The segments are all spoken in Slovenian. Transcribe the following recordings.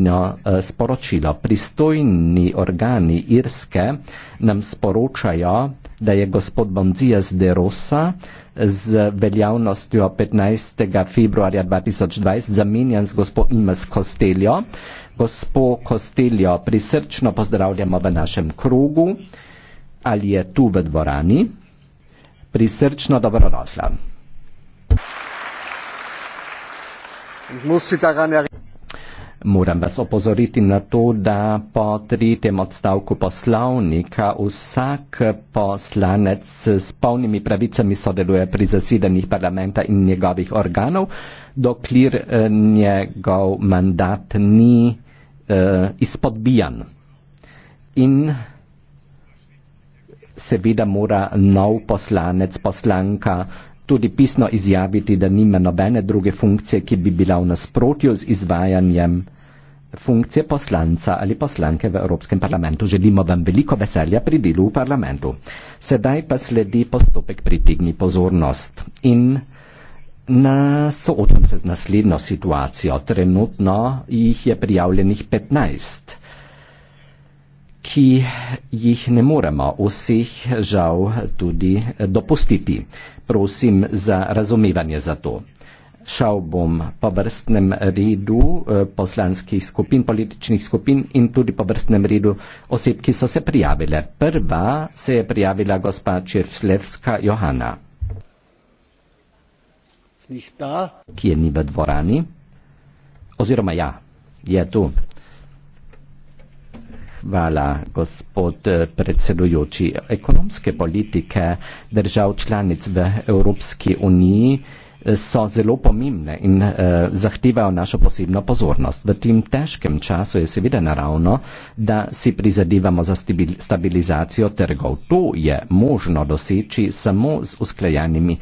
No, sporočilo. Pristojni organi Irske nam sporočajo, da je gospod Bonzias de Rosa z veljavnostjo 15. februarja 2020 zamenjan z gospod Imes Kosteljo. Gospod Kosteljo, prisrčno pozdravljamo v našem krogu ali je tu v dvorani. Prisrčno dobrodošla. Moram vas opozoriti na to, da po tretjem odstavku poslovnika vsak poslanec s polnimi pravicami sodeluje pri zasedanjih parlamenta in njegovih organov, dokler eh, njegov mandat ni eh, izpodbijan. In seveda mora nov poslanec, poslanka, eh, tudi pisno izjaviti, da nima nobene druge funkcije, ki bi bila v nasprotju z izvajanjem funkcije poslanca ali poslanke v Evropskem parlamentu. Želimo vam veliko veselja pri delu v parlamentu. Sedaj pa sledi postopek pritigni pozornost in na soočam se z naslednjo situacijo. Trenutno jih je prijavljenih 15 ki jih ne moremo vseh žal tudi dopustiti. Prosim za razumevanje za to. Šel bom po vrstnem redu eh, poslanskih skupin, političnih skupin in tudi po vrstnem redu oseb, ki so se prijavile. Prva se je prijavila gospa Čirslevska Johana, ki je ni v dvorani. Oziroma ja, je tu. Hvala, gospod eh, predsedujoči. Ekonomske politike držav članic v Evropski uniji eh, so zelo pomembne in eh, zahtevajo našo posebno pozornost. V tem težkem času je seveda naravno, da si prizadevamo za stabilizacijo trgov. To je možno doseči samo z usklajanimi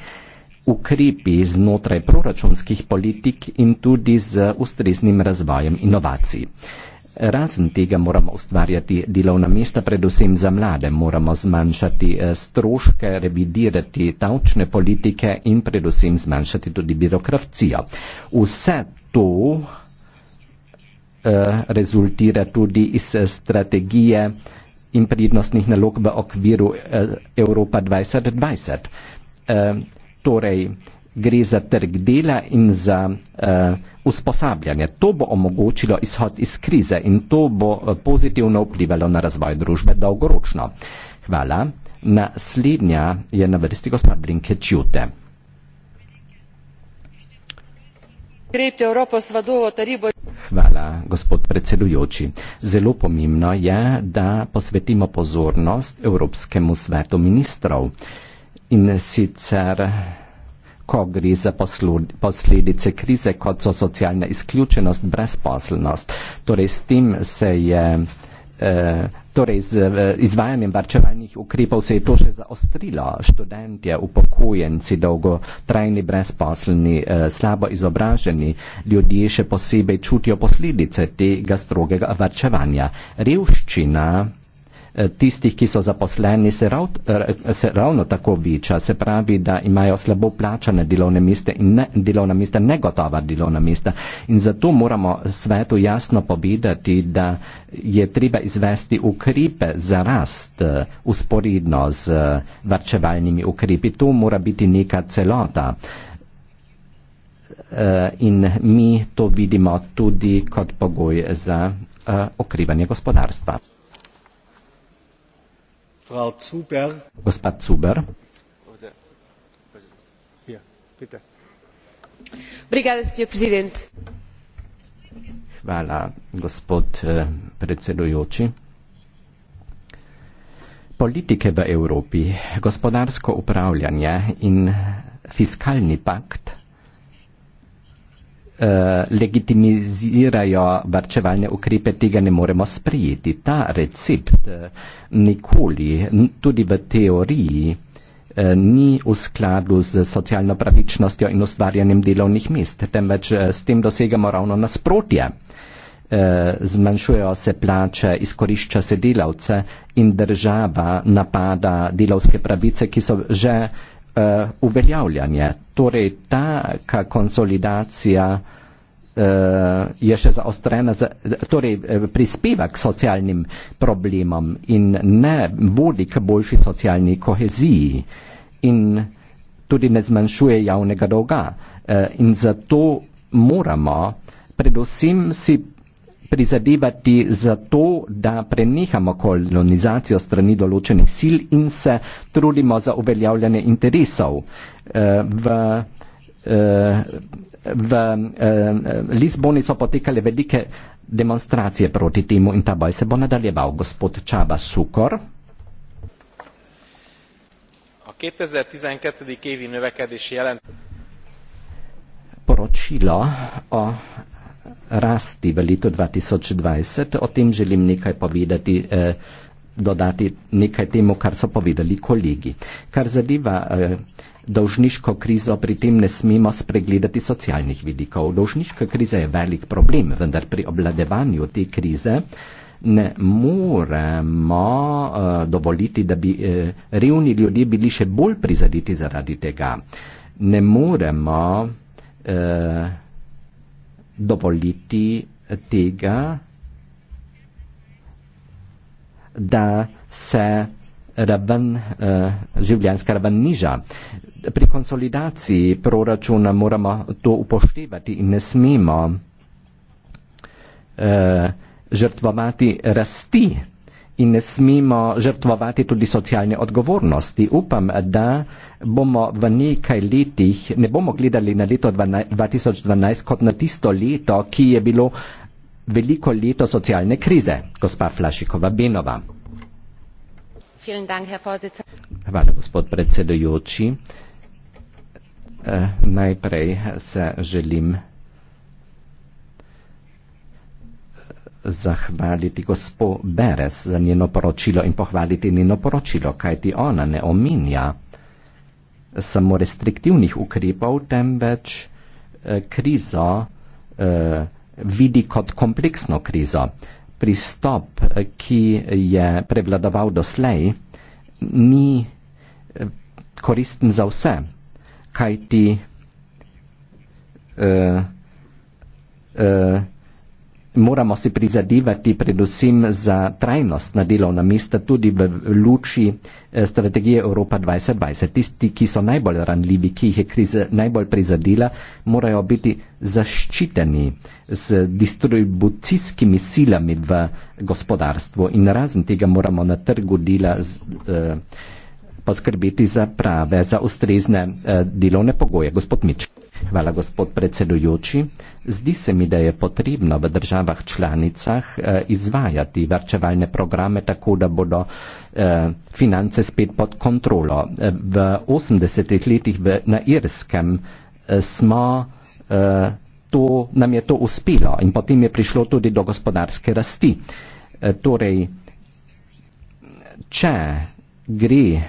ukrepi znotraj proračunskih politik in tudi z ustreznim razvojem inovacij. Eh, Razen tega moramo ustvarjati delovna mesta, predvsem za mlade, moramo zmanjšati eh, stroške, revidirati davčne politike in predvsem zmanjšati tudi birokracijo. Vse to eh, rezultira tudi iz eh, strategije in pridnostnih nalog v okviru Evropa 2020. Torej, gre za trg dela in za uh, usposabljanje. To bo omogočilo izhod iz krize in to bo eh, pozitivno vplivalo na razvoj družbe dolgoročno. Hvala. Naslednja je na vrsti gospa Blinke Čute. Hvala, gospod predsedujoči. Zelo pomembno je, da posvetimo pozornost Evropskemu svetu ministrov. In sicer ko gre za posledice krize, kot so socialna izključenost, brezposelnost. Torej, s tem se je. Eh, torej, z izvajanjem varčevalnih ukrepov se je to še zaostrilo. Študentje, upokojenci, dolgotrajni brezposlni, eh, slabo izobraženi ljudje še posebej čutijo posledice tega strogega varčevanja. Revščina Eh, tistih, ki so zaposleni, se, rav, eh, se ravno tako viča, se pravi, da imajo slabo plačane delovne miste in ne, delovna mista, negotova delovna mista. In zato moramo svetu jasno povedati, da je treba izvesti ukrepe za rast usporedno eh, z varčevalnimi ukrepi. To mora biti neka celota. In mi to vidimo tudi kot pogoj za okrivanje gospodarstva. Frau Zuber. Gospa Zuber. Obrigada, gospod predsednik. Hvala, gospod eh, predsedujoči. Politike v Evropi, gospodarsko upravljanje in fiskalni pakt Eh, legitimizirajo varčevalne ukrepe, tega ne moremo sprijeti. Ta recept eh, nikoli, tudi v teoriji, eh, ni v skladu z socialno pravičnostjo in ustvarjanjem delovnih mest, temveč s tem dosegamo ravno nasprotje. Zmanjšujejo se plače, izkorišča se delavce in država napada delovske pravice, ki so že uh, uveljavljanje. Torej ta konsolidacija uh, je še zaostrena, za, torej eh, prispeva k socialnim problemom in ne vodi k boljši socialni koheziji in tudi ne zmanjšuje javnega dolga. Uh, in zato moramo predvsem si prizadevati za to, da prenehamo kolonizacijo strani določenih sil in se trudimo za uveljavljanje interesov. Eh, v, eh, v eh, Lizboni so potekale velike demonstracije proti temu in ta boj se bo nadaljeval. Gospod Čaba Sukor. A 2012. evi növekedési jelent... Poročilo o rasti v letu 2020. O tem želim nekaj povedati, eh, dodati nekaj temu, kar so povedali kolegi. Kar zadeva eh, dolžniško krizo, pri tem ne smemo spregledati socialnih vidikov. Dolžniška kriza je velik problem, vendar pri obladevanju te krize ne moremo eh, dovoliti, da bi eh, revni ljudje bili še bolj prizaditi zaradi tega. Ne moremo. Eh, dovoliti tega, da se raven, eh, življenjska raven niža. Pri konsolidaciji proračuna moramo to upoštevati in ne smemo uh, žrtvovati rasti in ne smemo žrtvovati tudi socialne odgovornosti. Upam, da bomo v nekaj letih, ne bomo gledali na leto 2012 kot na tisto leto, ki je bilo veliko leto socialne krize, gospa Flašikova Benova. Hvala, gospod predsedujoči. Eh, najprej se želim zahvaliti gospo Beres za njeno poročilo in pohvaliti njeno poročilo, kajti ona ne omenja samo restriktivnih ukrepov, temveč eh, krizo eh, vidi kot kompleksno krizo. Pristop, eh, ki je prevladoval doslej, ni koristen za vse, kajti uh, uh, moramo si prizadevati predvsem za trajnost na delovna mesta tudi v luči eh, strategije Evropa 2020. Tisti, ki so najbolj ranljivi, ki jih je kriza najbolj prizadela, morajo biti zaščiteni z distribucijskimi silami v gospodarstvu in razen tega moramo na trgu dela z. Eh, poskrbeti za prave, za ustrezne eh, delovne pogoje. Gospod Mič. Hvala, gospod predsedujoči. Zdi se mi, da je potrebno v državah članicah eh, izvajati varčevalne programe tako, da bodo eh, finance spet pod kontrolo. V 80-ih letih na Irskem smo to, nam je to uspelo in potem je prišlo tudi do gospodarske rasti. Torej, če gre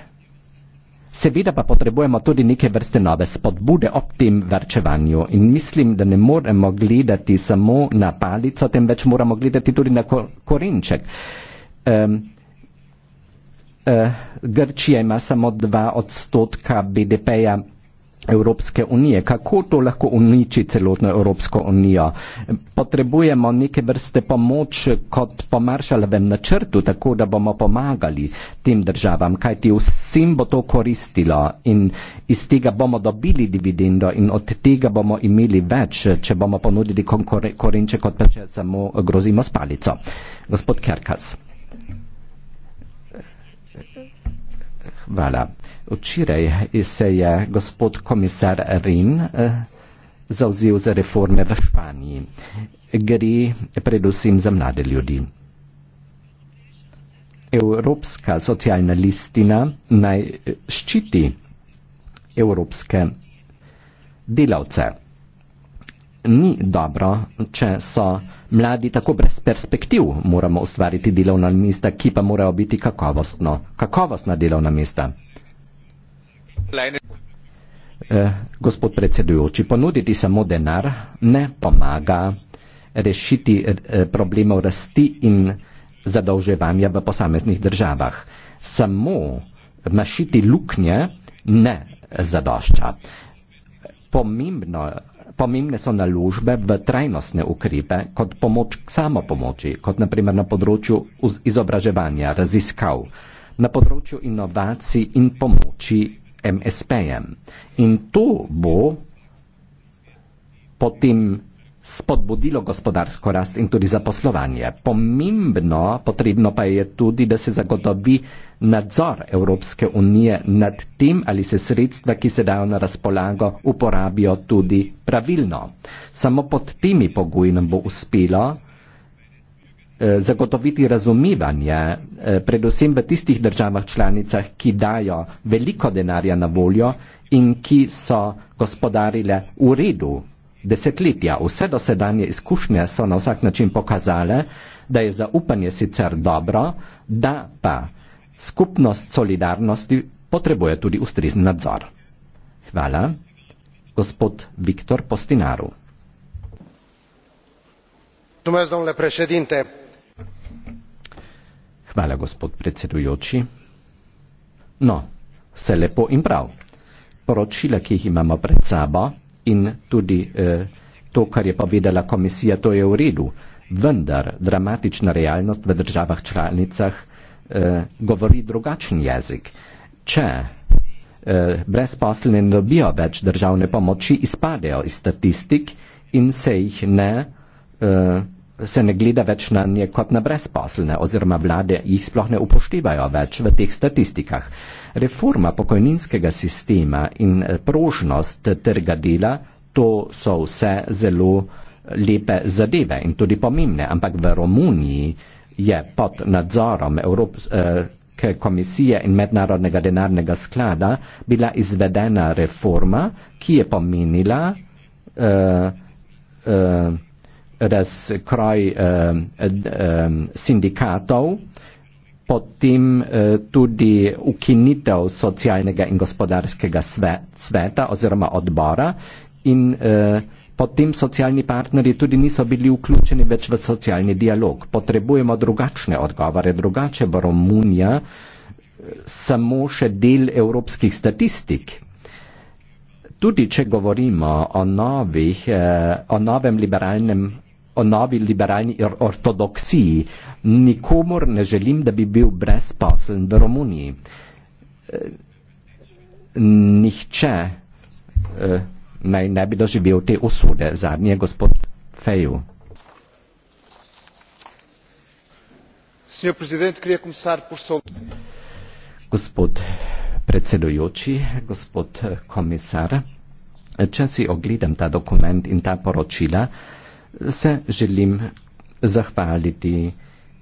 Seveda pa potrebujemo tudi neke vrste nove spodbude ob tem varčevanju in mislim, da ne moremo gledati samo na palico, temveč moramo gledati tudi na korenček. Um, uh, Grčija ima samo 2 odstotka BDP-ja. Evropske unije. Kako to lahko uniči celotno Evropsko unijo? Potrebujemo neke vrste pomoč kot po Maršalovem načrtu, tako da bomo pomagali tem državam, kajti vsem bo to koristilo in iz tega bomo dobili dividendo in od tega bomo imeli več, če bomo ponudili korenče, kot pa če samo grozimo spalico. Gospod Kerkas. Hvala. Voilà. Včeraj se je gospod komisar Rin eh, zauzel za reforme v Španiji. Gre predvsem za mlade ljudi. Evropska socialna listina naj eh, ščiti evropske delavce. Ni dobro, če so mladi tako brez perspektiv, moramo ustvariti delovna mesta, ki pa morajo biti kakovostna delovna mesta. Eh, gospod predsedujoči, ponuditi samo denar ne pomaga rešiti eh, eh, problemov rasti in zadolževanja v posameznih državah. Samo mašiti luknje ne zadošča. Pomembno, pomembne so naložbe v trajnostne ukrepe kot pomoč k samopomoči, kot naprimer na področju izobraževanja, raziskav, na področju inovacij in pomoči MSP-jem. In to bo potem spodbudilo gospodarsko rast in tudi zaposlovanje. Pomembno, potrebno pa je tudi, da se zagotovi nadzor Evropske unije nad tem, ali se sredstva, ki se dajo na razpolago, uporabijo tudi pravilno. Samo pod temi pogoji nam bo uspelo Eh, zagotoviti razumevanje, eh, predvsem v tistih državah članicah, ki dajo veliko denarja na voljo in ki so gospodarile v redu desetletja. Vse dosedanje izkušnje so na vsak način pokazale, da je zaupanje sicer dobro, da pa skupnost solidarnosti potrebuje tudi ustrezen nadzor. Hvala. Gospod Viktor Postinaru. Mulțumesc, domnule președinte. Hvala, gospod predsedujoči. No, vse lepo in prav. Poročila, ki jih imamo pred sabo in tudi eh, to, kar je povedala komisija, to je v redu. Vendar dramatična realnost v državah članicah eh, govori drugačen jezik. Če eh, brezposlene ne dobijo več državne pomoči, izpadejo iz statistik in se jih ne. Eh, se ne gleda več na nje kot na brezposlene oziroma vlade jih sploh ne upoštevajo več v teh statistikah. Reforma pokojninskega sistema in eh, prožnost trga dela, to so vse zelo lepe zadeve in tudi pomembne, ampak v Romuniji je pod nadzorom Evropske eh, komisije in mednarodnega denarnega sklada bila izvedena reforma, ki je pomenila, uh, uh, razkroj um, sindikatov, potem uh, tudi ukinitev socialnega in gospodarskega svet, sveta oziroma odbora in uh, potem socialni partnerji tudi niso bili vključeni več v socialni dialog. Potrebujemo drugačne odgovore, drugače bo Romunija samo še del evropskih statistik. Tudi, če govorimo o, novih, o novem liberalnem o novi liberalni ortodoksiji. Nikomor ne želim, da bi bil brezposeln v Romuniji. Eh, nihče eh, naj ne bi doživel te usude. Zadnji je gospod Feju. Gospod predsedujoči, gospod eh, komisar, če si ogledam ta dokument in ta poročila, se želim zahvaliti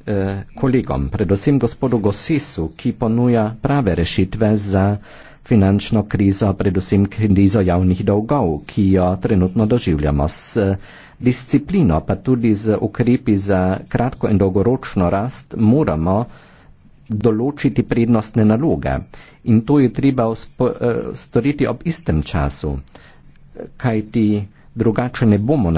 eh, kolegom, predvsem gospodu Gosisu, ki ponuja prave rešitve za finančno krizo, predvsem krizo javnih dolgov, ki jo trenutno doživljamo. S eh, disciplino, pa tudi z ukrepi za kratko in dolgoročno rast, moramo določiti prednostne naloge in to je treba eh, storiti ob istem času, kajti drugače ne bomo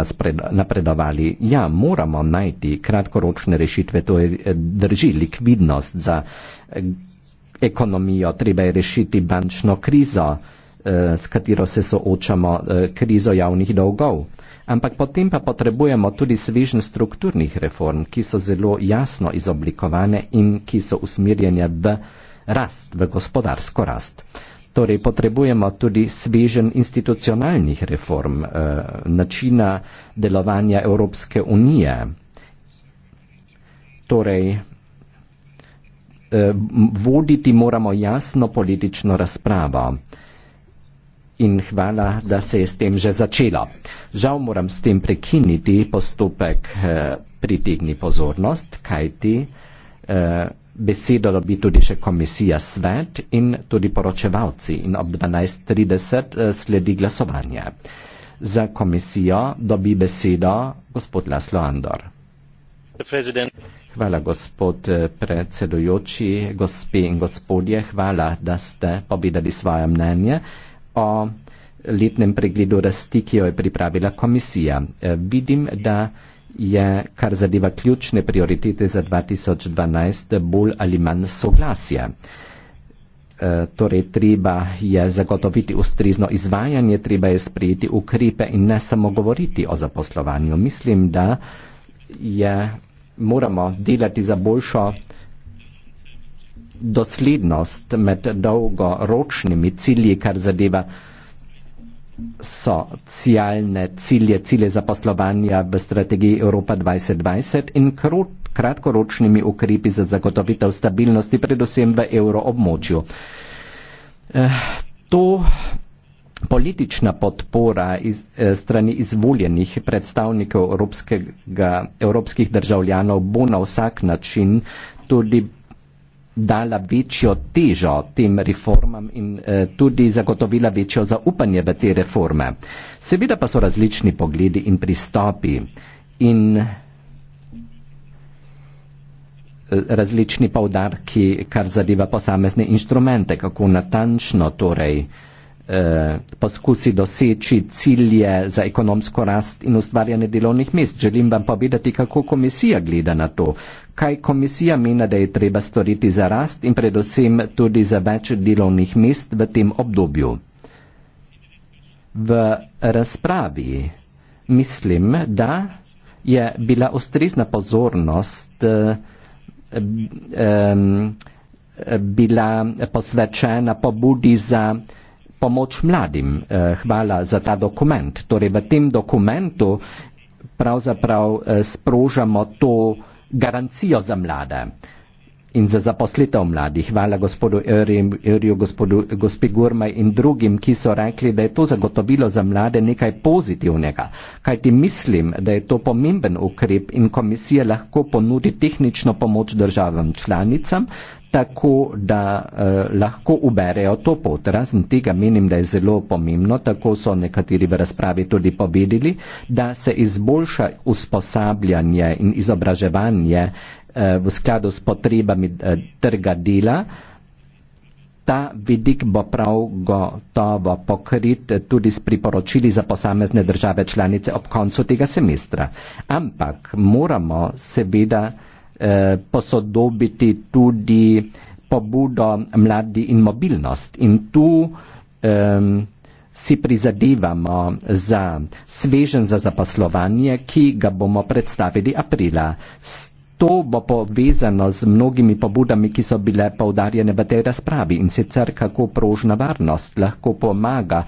napredovali. Ja, moramo najti kratkoročne rešitve, to je eh, drži likvidnost za eh, ekonomijo, treba je rešiti bančno krizo, eh, s katero se soočamo, krizo javnih dolgov. Ampak potem pa potrebujemo tudi svežen strukturnih reform, ki so zelo jasno izoblikovane in ki so usmerjene v rast, v gospodarsko rast. Torej potrebujemo tudi svežen institucionalnih reform, eh, načina delovanja Evropske unije. Torej, eh, voditi moramo jasno politično razpravo. In hvala, da se je s tem že začelo. Žal moram s tem prekiniti postopek eh, pritegni pozornost, kajti eh, besedo dobi tudi še komisija svet in tudi poročevalci in ob 12.30 eh, sledi glasovanje. Za komisijo dobi besedo gospod Laslo Andor. Hvala, gospod eh, predsedujoči, gospe in gospodje, hvala, da ste povedali svoje mnenje o letnem pregledu rasti, ki jo je pripravila komisija. Eh, vidim, da je, kar zadeva ključne prioritete za 2012, bolj ali manj soglasje. E, torej, treba je zagotoviti ustrezno izvajanje, treba je sprejeti ukrepe in ne samo govoriti o zaposlovanju. Mislim, da je, moramo delati za boljšo doslednost med dolgoročnimi cilji, kar zadeva socialne cilje, cilje zaposlovanja v strategiji Evropa 2020 in krut, kratkoročnimi ukrepi za zagotovitev stabilnosti, predvsem v evroobmočju. Eh, to politična podpora iz, eh, strani izvoljenih predstavnikov evropskih državljanov bo na vsak način tudi dala večjo težo tem reformam in eh, tudi zagotovila večjo zaupanje v te reforme. Seveda pa so različni pogledi in pristopi in eh, različni povdarki, kar zadeva posamezne inštrumente, kako natančno torej eh, Eh, poskusi doseči cilje za ekonomsko rast in ustvarjanje delovnih mest. Želim vam povedati, kako komisija gleda na to. Kaj komisija mena, da je treba storiti za rast in predvsem tudi za več delovnih mest v tem obdobju? V razpravi mislim, da je bila ustrezna pozornost eh, eh, bila posvečena pobudi za pomoč mladim. Eh, hvala za ta dokument. Torej, v tem dokumentu pravzaprav eh, sprožamo to garancijo za mlade in za zaposlitev mladih. Hvala gospodu Eriju, gospodu gospi Gurmaj in drugim, ki so rekli, da je to zagotovilo za mlade nekaj pozitivnega. Kaj ti mislim, da je to pomemben ukrep in komisija lahko ponudi tehnično pomoč državam članicam, tako da eh, lahko uberejo to pot. Razen tega menim, da je zelo pomembno, tako so nekateri v razpravi tudi povedali, da se izboljša usposabljanje in izobraževanje Eh, v skladu s potrebami eh, trga dela. Ta vidik bo prav gotovo pokrit tudi s priporočili za posamezne države članice ob koncu tega semestra. Ampak moramo seveda eh, posodobiti tudi pobudo mladi in mobilnost. In tu um, si prizadevamo za svežen za zaposlovanje, ki ga bomo predstavili aprila to bo povezano z mnogimi pobudami, ki so bile povdarjene v tej razpravi in sicer kako prožna varnost lahko pomaga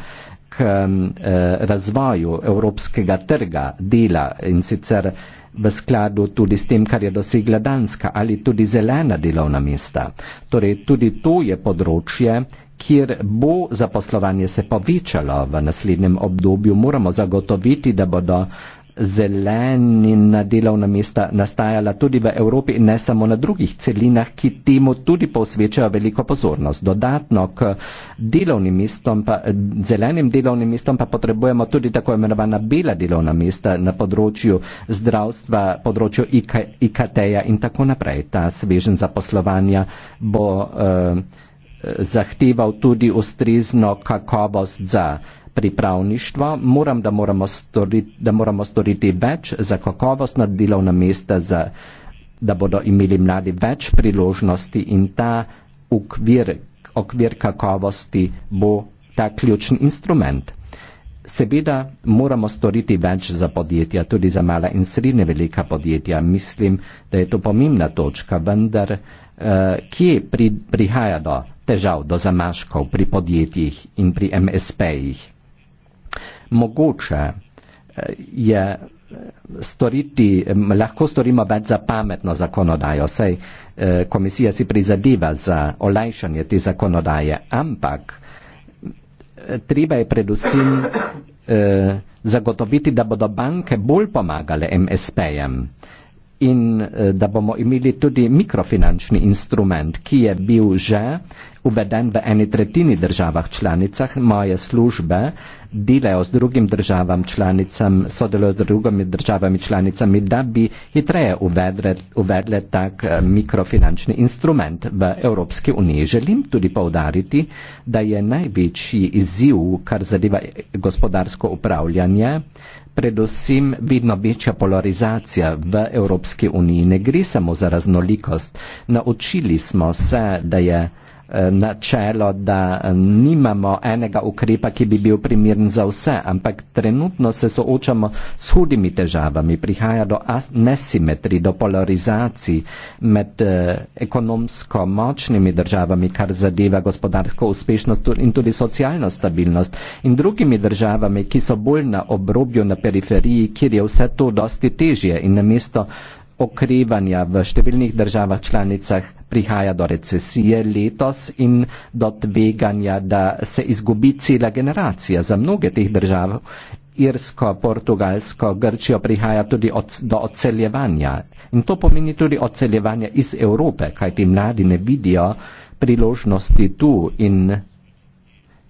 k eh, razvoju evropskega trga dela in sicer v skladu tudi s tem, kar je dosegla Danska ali tudi zelena delovna mesta. Torej tudi to je področje, kjer bo zaposlovanje se povečalo v naslednjem obdobju, moramo zagotoviti, da bodo uh, zelenina delovna mesta nastajala tudi v Evropi in ne samo na drugih celinah, ki temu tudi posvečajo veliko pozornost. Dodatno k delovnim mestom, pa, zelenim delovnim mestom pa potrebujemo tudi tako imenovana bela delovna mesta na področju zdravstva, področju IK, IKT-ja in tako naprej. Ta svežen zaposlovanja bo eh, zahteval tudi ustrezno kakovost za pripravništva, moram, da, moramo storiti, da moramo storiti več za kakovostna delovna mesta, za, da bodo imeli mladi več priložnosti in ta ukvir, okvir kakovosti bo ta ključni instrument. Seveda moramo storiti več za podjetja, tudi za mala in srednje velika podjetja. Mislim, da je to pomembna točka, vendar uh, kje pri, prihaja do težav, do zamaškov pri podjetjih in pri MSP-jih? mogoče eh, je eh, storiti, lahko storimo več za pametno zakonodajo, saj eh, komisija si prizadeva za olajšanje te zakonodaje, ampak treba je predvsem zagotoviti, da bodo banke bolj pomagale MSP-jem in da bomo imeli tudi mikrofinančni instrument, ki je bil že uveden v eni tretjini državah članicah moje službe, delajo z drugim državam članicam, sodelujo z drugimi državami članicami, da bi hitreje uvedle, uvedle tak eh, mikrofinančni instrument v Evropski uniji. Želim tudi povdariti, da je največji izziv, kar zadeva eh, gospodarsko upravljanje, predvsem vidno večja polarizacija v Evropski uniji. Ne gre samo za raznolikost. Naučili smo se, da je Eh, načelo, da eh, nimamo enega ukrepa, ki bi bil primern za vse, ampak trenutno se soočamo s hudimi težavami. Prihaja do nesimetri, do polarizacij med eh, ekonomsko močnimi državami, kar zadeva gospodarsko uspešnost in tudi socialno stabilnost in drugimi državami, ki so bolj na obrobju, na periferiji, kjer je vse to dosti težje in namesto okrevanja v številnih državah članicah prihaja do recesije letos in do tveganja, da se izgubi cela generacija za mnoge teh držav. Irsko, Portugalsko, Grčijo prihaja tudi od, do odseljevanja. In to pomeni tudi odseljevanje iz Evrope, kaj ti mladi ne vidijo priložnosti tu in,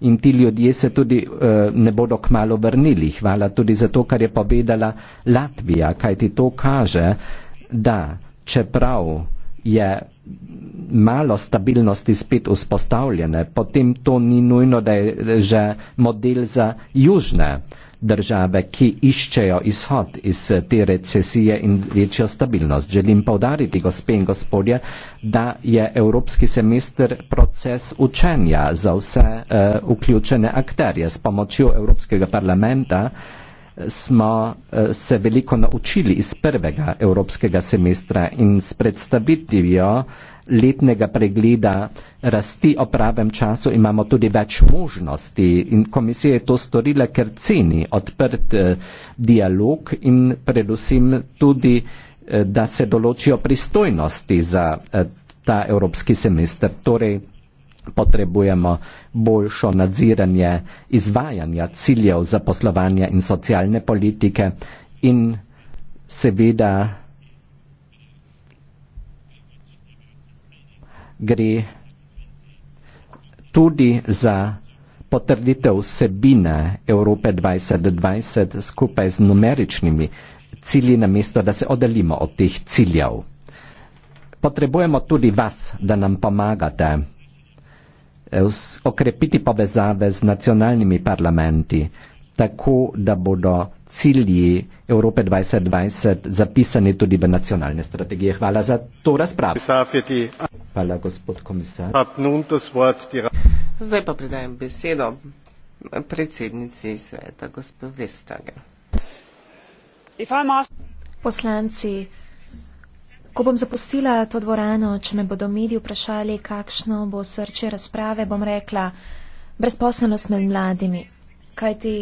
in ti ljudje se tudi uh, ne bodo kmalo vrnili. Hvala tudi za to, kar je povedala Latvija, kaj ti to kaže, da čeprav je malo stabilnosti spet vzpostavljene, potem to ni nujno, da je že model za južne države, ki iščejo izhod iz te recesije in večjo stabilnost. Želim povdariti, gospe in gospodje, da je Evropski semester proces učenja za vse uh, vključene akterje s pomočjo Evropskega parlamenta. Uh, smo eh, se veliko naučili iz prvega evropskega semestra in s predstavitvijo letnega pregleda rasti o pravem času imamo tudi več možnosti in komisija je to storila, ker ceni odprt eh, dialog in predvsem tudi, eh, da se določijo pristojnosti za ta evropski semester. Torej, potrebujemo boljšo nadziranje izvajanja ciljev zaposlovanja in socialne politike in seveda gre tudi za potrditev sebine Evrope 2020 skupaj z numeričnimi cilji na mesto, da se oddalimo od teh ciljev. Potrebujemo tudi vas, da nam pomagate z okrepiti povezave z nacionalnimi parlamenti, tako da bodo cilji Evrope 2020 zapisani tudi v nacionalne strategije. Hvala za to razpravo. Hvala, gospod komisar. Zdaj pa predajem besedo predsednici sveta, gospod Vestager. Poslanci, Ko bom zapustila to dvorano, če me bodo mediji vprašali, kakšno bo srce razprave, bom rekla brezposelnost med mladimi. Kajti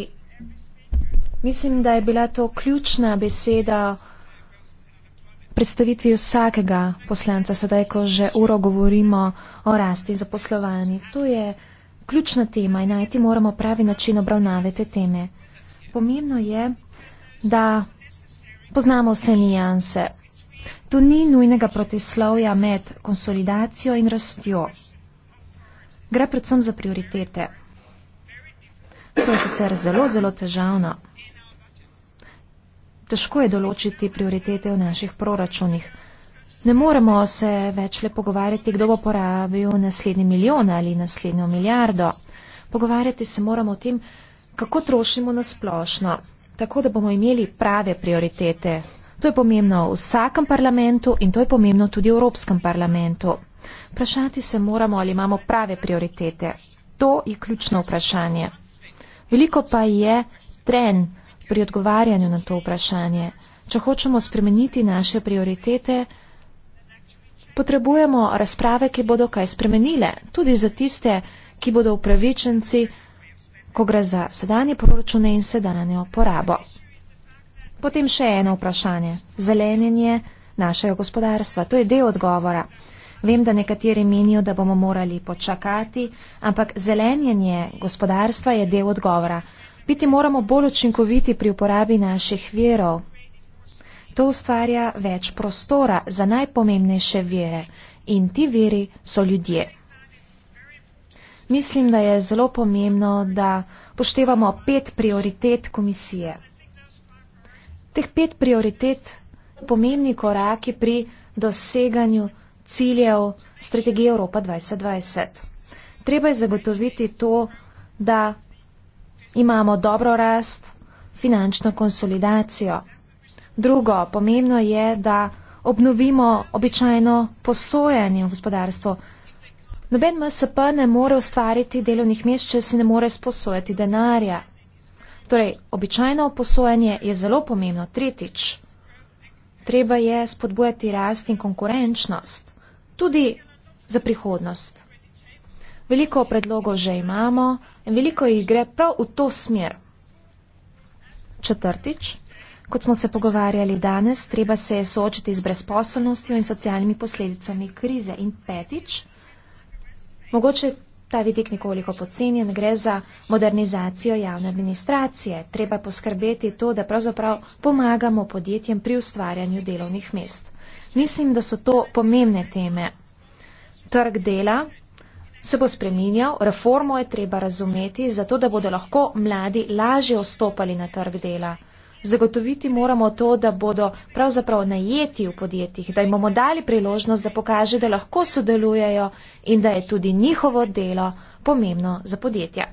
mislim, da je bila to ključna beseda predstavitvi vsakega poslanca, sedaj, ko že uro govorimo o rasti in zaposlovanju. To je ključna tema in najti moramo pravi način obravnave te teme. Pomembno je, da poznamo vse nijanse. Tu ni nujnega protislovja med konsolidacijo in rastjo. Gre predvsem za prioritete. To je sicer zelo, zelo težavno. Težko je določiti prioritete v naših proračunih. Ne moremo se več le pogovarjati, kdo bo porabil naslednji milijon ali naslednjo milijardo. Pogovarjati se moramo o tem, kako trošimo na splošno, tako da bomo imeli prave prioritete, To je pomembno v vsakem parlamentu in to je pomembno tudi v Evropskem parlamentu. Vprašati se moramo, ali imamo prave prioritete. To je ključno vprašanje. Veliko pa je tren pri odgovarjanju na to vprašanje. Če hočemo spremeniti naše prioritete, potrebujemo razprave, ki bodo kaj spremenile, tudi za tiste, ki bodo upravičenci, ko gre za sedanje proračune in sedanjo porabo. Potem še eno vprašanje. Zelenjenje našega gospodarstva. To je del odgovora. Vem, da nekateri menijo, da bomo morali počakati, ampak zelenjenje gospodarstva je del odgovora. Biti moramo bolj učinkoviti pri uporabi naših verov. To ustvarja več prostora za najpomembnejše vere in ti veri so ljudje. Mislim, da je zelo pomembno, da poštevamo pet prioritet komisije teh pet prioritet, pomembni koraki pri doseganju ciljev strategije Evropa 2020. Treba je zagotoviti to, da imamo dobro rast, finančno konsolidacijo. Drugo, pomembno je, da obnovimo običajno posojanje v gospodarstvu. Noben MSP ne more ustvariti delovnih mest, če si ne more sposojati denarja. Torej, običajno posojanje je zelo pomembno. Tretjič, treba je spodbujati rast in konkurenčnost, tudi za prihodnost. Veliko predlogov že imamo in veliko jih gre prav v to smer. Četrtič, kot smo se pogovarjali danes, treba se je soočiti z brezposobnostjo in socialnimi posledicami krize. In petič, mogoče ta vidik nekoliko pocenjen, gre za modernizacijo javne administracije. Treba poskrbeti to, da pravzaprav pomagamo podjetjem pri ustvarjanju delovnih mest. Mislim, da so to pomembne teme. Trg dela se bo spreminjal, reformo je treba razumeti, zato da bodo lahko mladi lažje vstopali na trg dela zagotoviti moramo to, da bodo pravzaprav najeti v podjetjih, da jim bomo dali priložnost, da pokaže, da lahko sodelujejo in da je tudi njihovo delo pomembno za podjetja.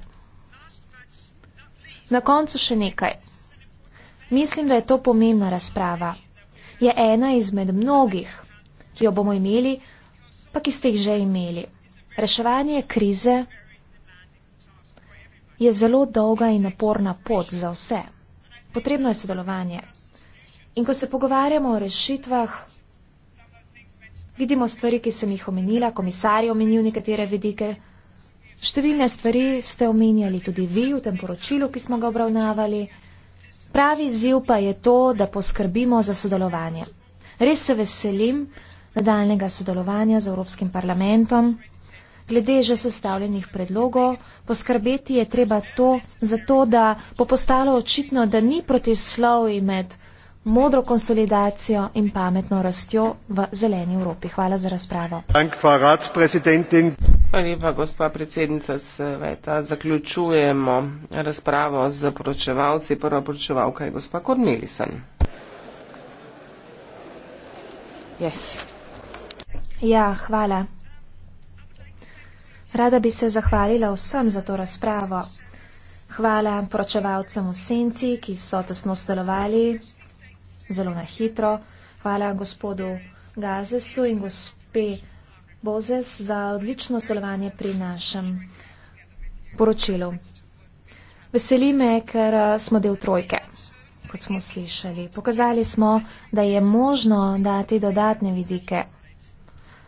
Na koncu še nekaj. Mislim, da je to pomembna razprava. Je ena izmed mnogih, ki jo bomo imeli, pa ki ste jih že imeli. Reševanje krize je zelo dolga in naporna pot za vse potrebno je sodelovanje. In ko se pogovarjamo o rešitvah, vidimo stvari, ki sem jih omenila, komisar je omenil nekatere vidike. Številne stvari ste omenjali tudi vi v tem poročilu, ki smo ga obravnavali. Pravi ziv pa je to, da poskrbimo za sodelovanje. Res se veselim nadaljnega sodelovanja z Evropskim parlamentom glede že sestavljenih predlogov, poskrbeti je treba to, zato da bo postalo očitno, da ni protislovi med modro konsolidacijo in pametno rastjo v zeleni Evropi. Hvala za razpravo. Hvala lepa, gospa predsednica sveta. Zaključujemo razpravo z poročevalci. Prva poročevalka je gospa Kornelisen. Yes. Ja, hvala. Rada bi se zahvalila vsem za to razpravo. Hvala poročevalcem v senci, ki so tesno stelovali zelo na hitro. Hvala gospodu Gazesu in gospe Bozes za odlično sodelovanje pri našem poročilu. Veseli me, ker smo del trojke, kot smo slišali. Pokazali smo, da je možno dati dodatne vidike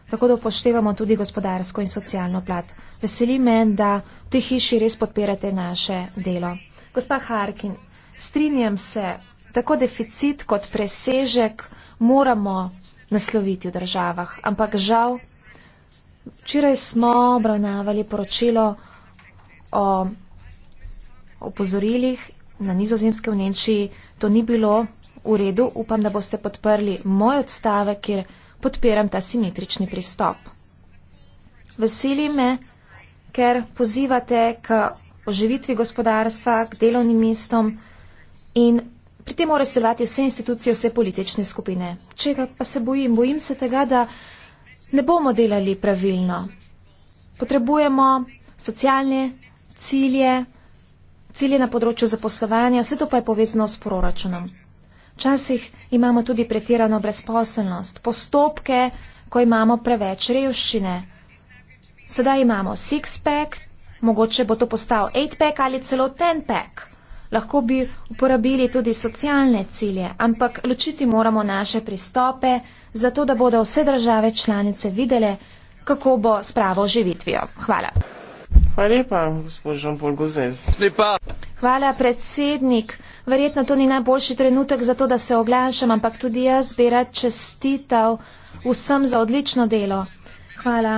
tako da upoštevamo tudi gospodarsko in socialno plat. Veseli me, da v tej hiši res podpirate naše delo. Gospa Harkin, strinjam se, tako deficit kot presežek moramo nasloviti v državah, ampak žal, včeraj smo obravnavali poročilo o opozorilih na nizozemske v Nemčiji, to ni bilo v redu, upam, da boste podprli moj odstavek, kjer podpiram ta simetrični pristop. Veseli me, ker pozivate k oživitvi gospodarstva, k delovnim mestom in pri tem morajo sodelovati vse institucije, vse politične skupine. Če pa se bojim, bojim se tega, da ne bomo delali pravilno. Potrebujemo socialne cilje, cilje na področju zaposlovanja, vse to pa je povezano s proračunom. Včasih imamo tudi pretirano brezposelnost, postopke, ko imamo preveč revščine. Sedaj imamo six-pack, mogoče bo to postal eight-pack ali celo ten-pack. Lahko bi uporabili tudi socialne cilje, ampak ločiti moramo naše pristope, zato da bodo vse države članice videle, kako bo s pravo živitvijo. Hvala. Hvala lepa, gospod Žan Polgozez. Lepa. Hvala, predsednik. Verjetno to ni najboljši trenutek za to, da se oglašam, ampak tudi jaz bi rad čestital vsem za odlično delo. Hvala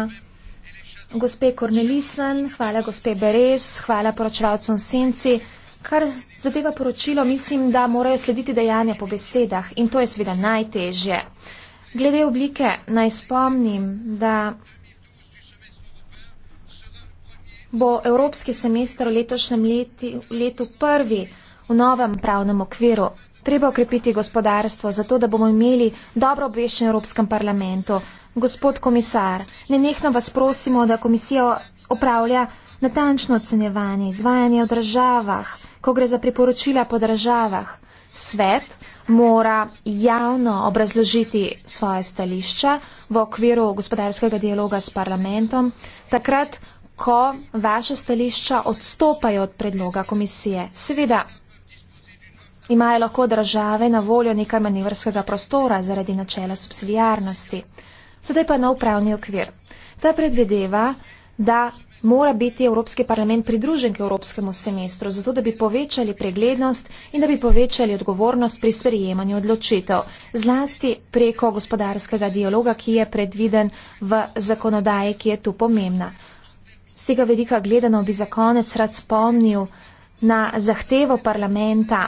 gospe Kornelisen, hvala gospe Beres, hvala poročevalcem Senci. Kar zadeva poročilo, mislim, da morajo slediti dejanja po besedah in to je seveda najtežje. Glede oblike naj spomnim, da bo evropski semester v letošnjem leti, letu prvi v novem pravnem okviru. Treba okrepiti gospodarstvo, zato da bomo imeli dobro obveščen Evropskem parlamentu. Gospod komisar, nenehno vas prosimo, da komisija opravlja natančno ocenjevanje izvajanja v državah, ko gre za priporočila po državah. Svet mora javno obrazložiti svoje stališča v okviru gospodarskega dialoga s parlamentom. Takrat ko vaše stališča odstopajo od predloga komisije. Seveda imajo lahko države na voljo nekaj manevrskega prostora zaradi načela subsidijarnosti. Sedaj pa nov pravni okvir. Ta predvedeva, da mora biti Evropski parlament pridružen k Evropskemu semestru, zato da bi povečali preglednost in da bi povečali odgovornost pri sprejemanju odločitev, zlasti preko gospodarskega dialoga, ki je predviden v zakonodaji, ki je tu pomembna. Z tega vedika gledano bi za konec rad spomnil na zahtevo parlamenta,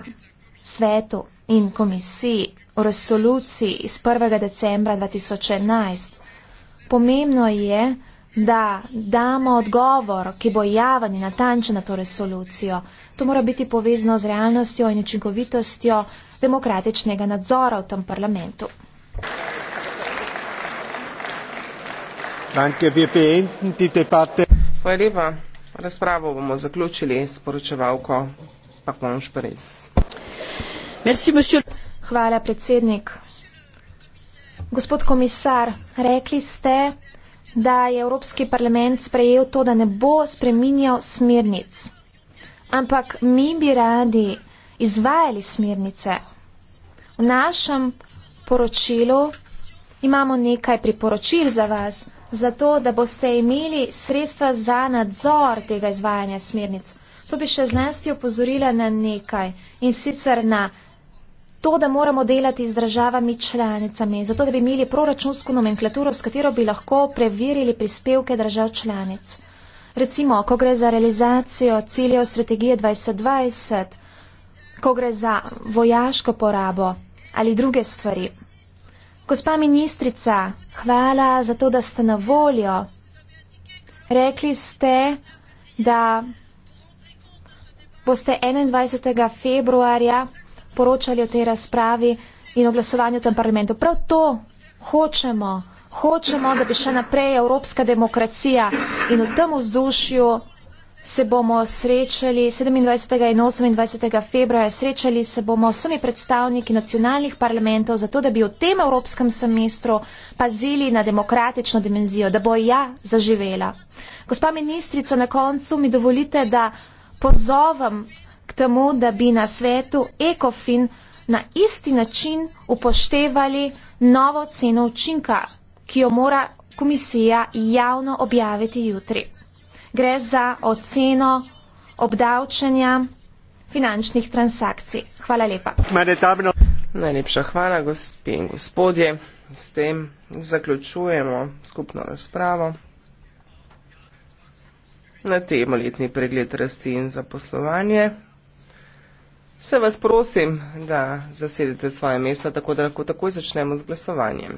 svetu in komisiji o resoluciji iz 1. decembra 2011. Pomembno je, da damo odgovor, ki bo javni natančen na to resolucijo. To mora biti povezano z realnostjo in učinkovitostjo demokratičnega nadzora v tem parlamentu. Danke, wir beenden die Debatte. Hvala lepa. Razpravo bomo zaključili s poročevalko Pakon Šperes. Hvala, predsednik. Gospod komisar, rekli ste, da je Evropski parlament sprejel to, da ne bo spreminjal smernic. Ampak mi bi radi izvajali smernice. V našem poročilu imamo nekaj priporočil za vas zato, da boste imeli sredstva za nadzor tega izvajanja smernic. To bi še znesti opozorila na nekaj in sicer na to, da moramo delati z državami članicami, zato da bi imeli proračunsko nomenklaturo, s katero bi lahko preverili prispevke držav članic. Recimo, ko gre za realizacijo ciljev strategije 2020, ko gre za vojaško porabo ali druge stvari, Gospa ministrica, hvala za to, da ste na voljo. Rekli ste, da boste 21. februarja poročali o tej razpravi in o glasovanju v tem parlamentu. Prav to hočemo. Hočemo, da bi še naprej evropska demokracija in v tem vzdušju se bomo srečali 27. in 28. februarja, srečali se bomo s vsemi predstavniki nacionalnih parlamentov, zato da bi v tem evropskem semestru pazili na demokratično dimenzijo, da bo ja zaživela. Gospa ministrica, na koncu mi dovolite, da pozovem k temu, da bi na svetu ECOFIN na isti način upoštevali novo ceno učinka, ki jo mora komisija javno objaviti jutri gre za oceno obdavčenja finančnih transakcij. Hvala lepa. Najlepša hvala, gospi in gospodje. S tem zaključujemo skupno razpravo na temo letni pregled rasti in zaposlovanje. Vse vas prosim, da zasedete svoje mesta, tako da lahko takoj začnemo z glasovanjem.